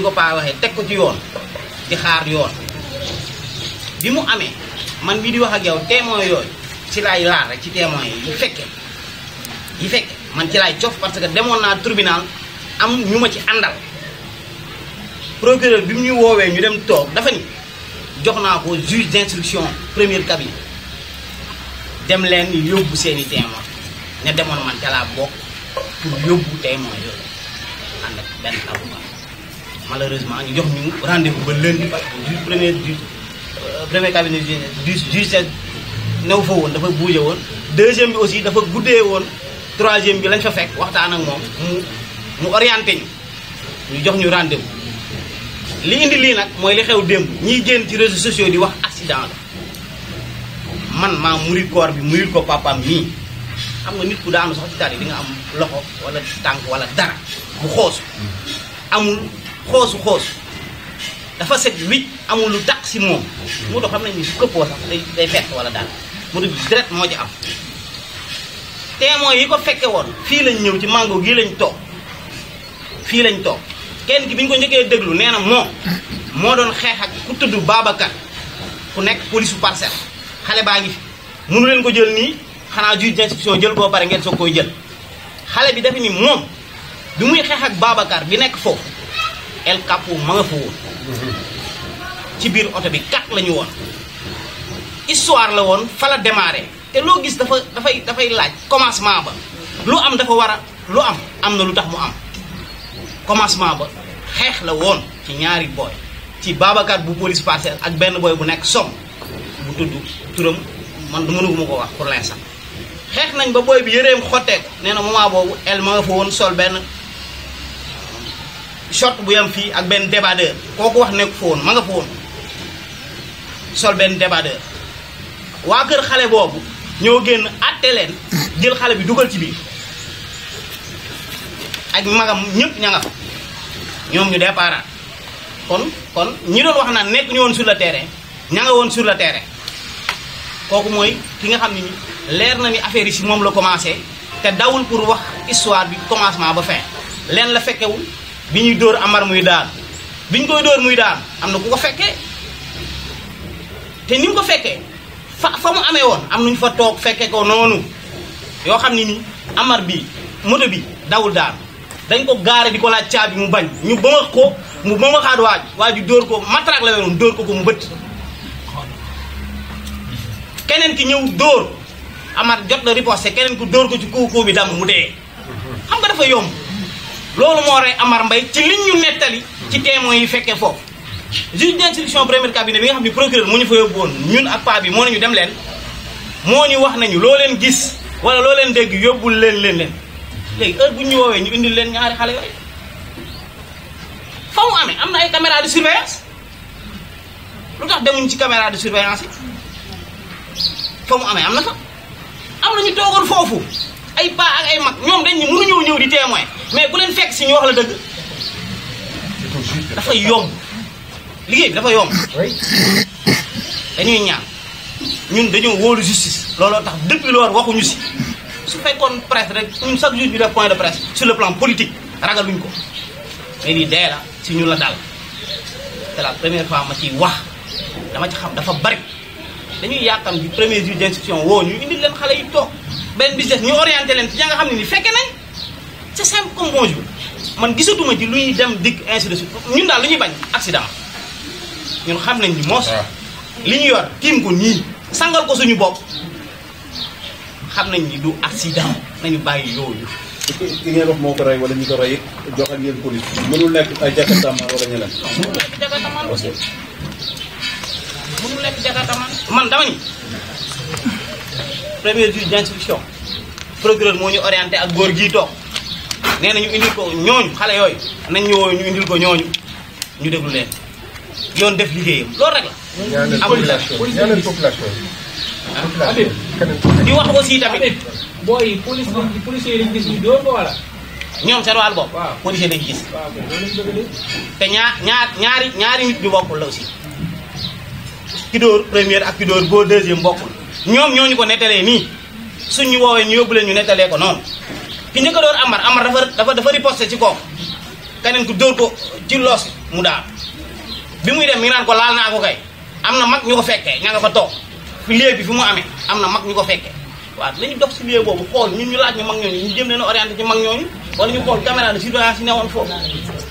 li ko paa waxee teg ko ci yoon di xaar yoon bi mu amee man bi di wax ak yow témoin yooyu ci laay laal ci témoin yi fekke yi fekke man ci laay cof parce que demoon naa tribunal am ñu ma ci àndal procureur bi mu ñu woowee ñu dem toog dafa ni jox naa ko juge d'instruction premier cabinet dem leen yóbbu seeni témoin ne demoon man ca laa bokk pour yóbbu témoin yooyu ànd ak benn avocat malheureusement ñu jox ñu rendez-vous ba lundi parce que du premier du euh, premier cabinet du juge new fa woon dafa bougé woon deuxième bi aussi dafa guddee woon troisième bi lañ fa fekk waxtaan ak moom mu mu orienté ñu ñu jox ñu rendez-vous li indi lii nag mooy li xew démb ñiy génn ci réseaux sociaux di wax accident la man maa murit koor bi murit ko papaam mii xam nga nit ku daanu sax ci tari di nga am loxo wala tànk walla dara bu xoos amul xoosu xoosu dafa set wicc amul lu daq si moom mu dox xam nañ ni su këppoo sax day day perte wala daal mu dugg direct moo ci am témoin yi ko fekke woon fii lañ ñëw ci màngoo gi lañ toog fii lañ toog kenn gi bi ñu ko njëkkee déglu nee nag moom moo doon xeex ak ku tudd Babacar ku nekk polisu bu xale baa ngi fi mënu leen ko jël nii xanaa juge d'instruction jël koo pare ngeen soog koy jël xale bi dafa ni moom bi muy xeex ak Babacar bi nekk foofu el capo ma nga fa woon ci biir oto bi kat lañu woon histoire la woon fa la démarré te loo gis dafa dafay dafay laaj commencement ba lu am dafa wara lu am am na lu tax mu am commencement ba xeex la woon ci ñaari booy ci Babacar bu police parcelle ak benn booy bu nekk som bu tudd turam man du mënuguma ko wax pour l'instant xeex nañ ba booy bi yëreem xotteeku nee na moment boobu el ma nga fa woon sol benn short bu yam fii ak benn débardeur kooku wax nekk foon manga nga foon sol benn débardeur waa kër xale boobu ñoo génn àtte leen jël xale bi dugal ci biir ak magam ñëpp ña nga fa ñoom ñu départ kon kon ñi doon wax naan nekk ñu woon sur le terrain ña nga woon sur le terrain kooku mooy ki nga xam ne ni leer na ni affaire yi si moom la commencé te dawul pour wax histoire bi commencement ba fin leen la fekkewul bi ñu dóor Amar muy daan bi ñu koy dóor muy daan am na ku ko fekkee te ni mu ko fekkee fa fa mu amee woon am nañu fa toog fekkee ko noonu yoo xam ne ni Amar bi moto bi dawul daan dañ ko gaare di ko laaj caabi mu bañ ñu bëmax ko mu bëmaxaat waaj waa dóor ko matraque la woon dóor ko ko mu bëtt keneen ki ñëw dóor Amar jot na riposté keneen ku dóor ko ci kaw kaw bi dam mu dee xam nga dafa yomb loolu moo rey Amar Mbaye ci liñ ñu nettali ci témoins yi fekkee foofu juge d'instruction premier cabinet bi nga xam ne procureur mu ñu fa yóbbu woon ñun ak pa bi moo nañu dem leen moo ñu wax nañu loo leen gis wala loo leen dégg yóbbul leen leen leen léegi heure bu ñu woowee ñu indil leen ñaari xale yooyu fa mu amee am na ay caméra de surveillance lu tax demuñ ci caméra de surveillance yi fa mu amee am na fa am na ñu toogoon foofu ay pa ak ay mag ñoom dañ ñu mënuñoo ñëw di témoin mais bu leen fekk si ñu wax la dëgg dafa yomb liggéey bi dafa yomb dañuy ñaan ñun dañoo wóolu justice looloo tax depuis loolu waxuñu si su fekkoon presse rek ñun chaque jour ñu def point de presse sur le plan politique ragaluñ ko mais lii dee si ñu la daal c'est la première fois ma ciy wax dama ci xam dafa bari dañuy yaakaar di premier jour d'instruction woo ñu indil leen xale yi toog. benn business ñu orienté leen ci ña xam ne ni fekke nañ c'est simple comme bonjour man gisatuma ci luy dem dikk ainsi de suite ñun daal lu ñuy bañ accident ñun xam nañ ni moos ah. li ñu yor tiim ko nii sangal ko suñu bopp xam nañ ni du accident nañu bàyyi yooyu ki ngeen wax moo ko rey wala ñu ko rey jox ak yéen police mënul nekk ay jakartaman wala man dama ni premier juge d'instruction procureur moo ñu orienté ak góor gii toog nee na ñu indil ko ñooñu xale yooyu nañ ñëwoo ñu indil ko ñooñu ñu déglu leen yoon def liggéeyam loolu rek la. amul la ah. di wax aussi tamit. booy police policier lañ gis ñu dóor ko wala. ñoom seen wàll bopp. waaw policier lañ gis. te ñaar ñaar ñaari ñaari ñu bokkul la aussi. ki première ak ki boo deuxième bokkul. ñoom ñooñu ñu ko nettalee nii suñ ñu woowee ñu yóbbu leen ñu nettalee ko noonu ki njëkk a door Amar Amar dafa dafa dafa riposté ci kooku keneen ku dóor ko ci loos mu daal bi muy dem mi ngi ko laal naa ko kay am na mag ñu ko fekkee ña nga fa toog fi lieu bi fi mu amee am na mag ñu ko fekkee waaw lañu dox si lieu boobu xool ñun ñu laaj ñu mag ñooñu ñu jëm leen orienté ci mag ñooñu wala ñu xool caméra de surveillance yi newoon foofu